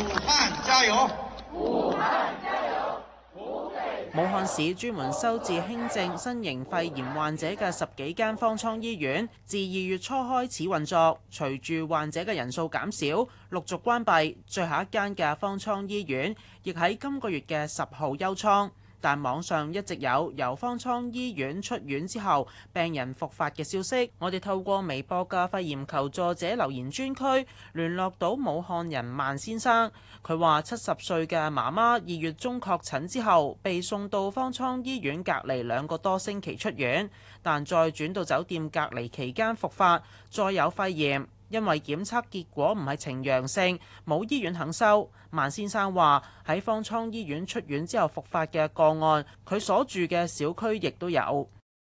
武漢加油，武漢加油！武漢市專門收治輕症新型肺炎患者嘅十幾間方艙醫院，自二月初開始運作，隨住患者嘅人數減少，陸續關閉，最後一間嘅方艙醫院亦喺今個月嘅十號休艙。但網上一直有由方艙醫院出院之後病人復發嘅消息。我哋透過微博嘅肺炎求助者留言專區聯絡到武漢人萬先生，佢話七十歲嘅媽媽二月中確診之後被送到方艙醫院隔離兩個多星期，出院，但再轉到酒店隔離期間復發，再有肺炎。因為檢測結果唔係呈陽性，冇醫院肯收。萬先生話，喺方艙醫院出院之後復發嘅個案，佢所住嘅小區亦都有。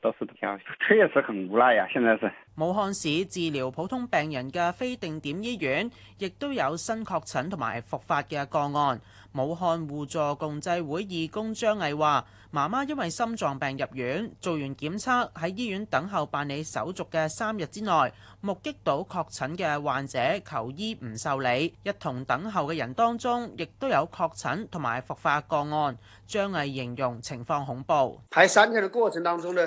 都是比較確實很無奈呀！現在是武漢市治療普通病人嘅非定點醫院，亦都有新確診同埋復發嘅個案。武漢互助共濟會義工張毅話：媽媽因為心臟病入院，做完檢測喺醫院等候辦理手續嘅三日之內，目擊到確診嘅患者求醫唔受理，一同等候嘅人當中，亦都有確診同埋復發個案。張毅形容情況恐怖，喺三天嘅過程當中呢？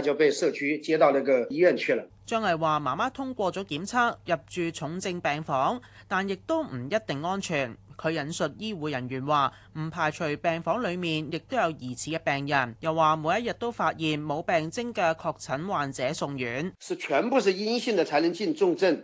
就被社區接到那個醫院去了。張藝話：媽媽通過咗檢測，入住重症病房，但亦都唔一定安全。佢引述醫護人員話：唔排除病房裏面亦都有疑似嘅病人。又話每一日都發現冇病徵嘅確診患者送院。是全部是陰性的才能進重症。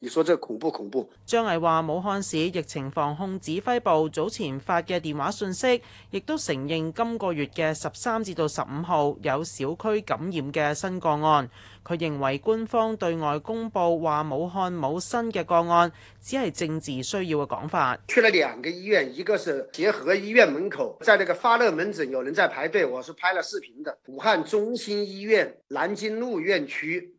你說這恐怖，恐怖！張毅話：武漢市疫情防控指揮部早前發嘅電話信息，亦都承認今個月嘅十三至到十五號有小區感染嘅新個案。佢認為官方對外公布話武漢冇新嘅個案，只係政治需要嘅講法。去了兩個醫院，一個是協和醫院門口，在那個發熱門診有人在排隊，我是拍了視頻的。武漢中心醫院南京路院區。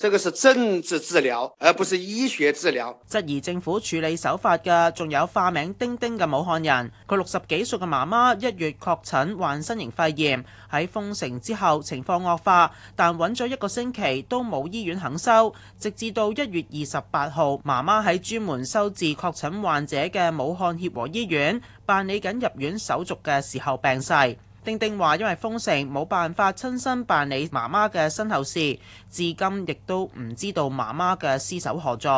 這個是政治治療，而不是醫學治療。質疑政府處理手法嘅，仲有化名丁丁嘅武漢人。佢六十幾歲嘅媽媽一月確診患新型肺炎，喺封城之後情況惡化，但揾咗一個星期都冇醫院肯收，直至到一月二十八號，媽媽喺專門收治確診患者嘅武漢協和醫院辦理緊入院手續嘅時候病逝。定定，話因為封城冇辦法親身辦理媽媽嘅身後事，至今亦都唔知道媽媽嘅屍首何在。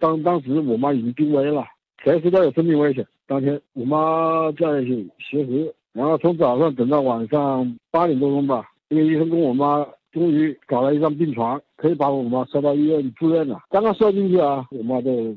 當當時我媽已經病危啦，隨時都有生命危險。當天我媽在協和然後從早上等到晚上八點多鐘吧，一個醫生跟我媽終於搞了一張病床，可以把我媽送到醫院住院了。剛剛收進去啊，我媽就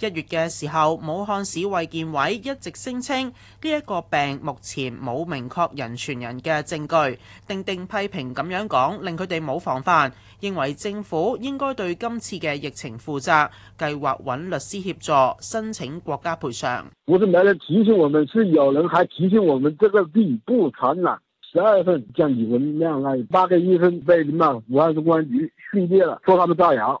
一月嘅時候，武漢市衛健委一直聲稱呢一個病目前冇明確人傳人嘅證據。定定批評咁樣講，令佢哋冇防範。認為政府應該對今次嘅疫情負責，計劃揾律師協助申請國家賠償。不是冇人提醒我們，是有人還提醒我們，這個病不傳染。十二月份，像李文亮那八個醫生被什麼武漢市公安局訓誡了，說他們造謠。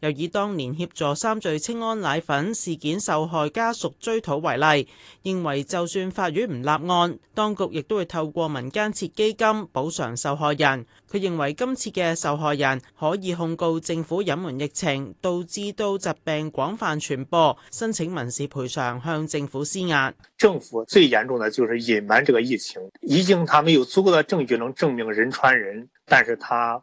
又以當年協助三聚氰胺奶粉事件受害家屬追討為例，認為就算法院唔立案，當局亦都會透過民間設基金補償受害人。佢認為今次嘅受害人可以控告政府隱瞞疫情，導致到疾病廣泛傳播，申請民事賠償向政府施壓。政府最嚴重的就是隱瞞這個疫情，已經他沒有足夠的證據能證明人傳人，但是他。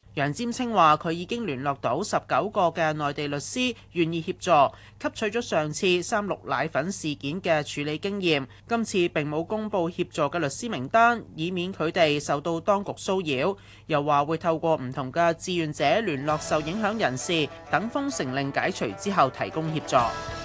楊占清話：佢已經聯絡到十九個嘅內地律師願意協助，吸取咗上次三鹿奶粉事件嘅處理經驗，今次並冇公布協助嘅律師名單，以免佢哋受到當局騷擾。又話會透過唔同嘅志願者聯絡受影響人士，等封城令解除之後提供協助。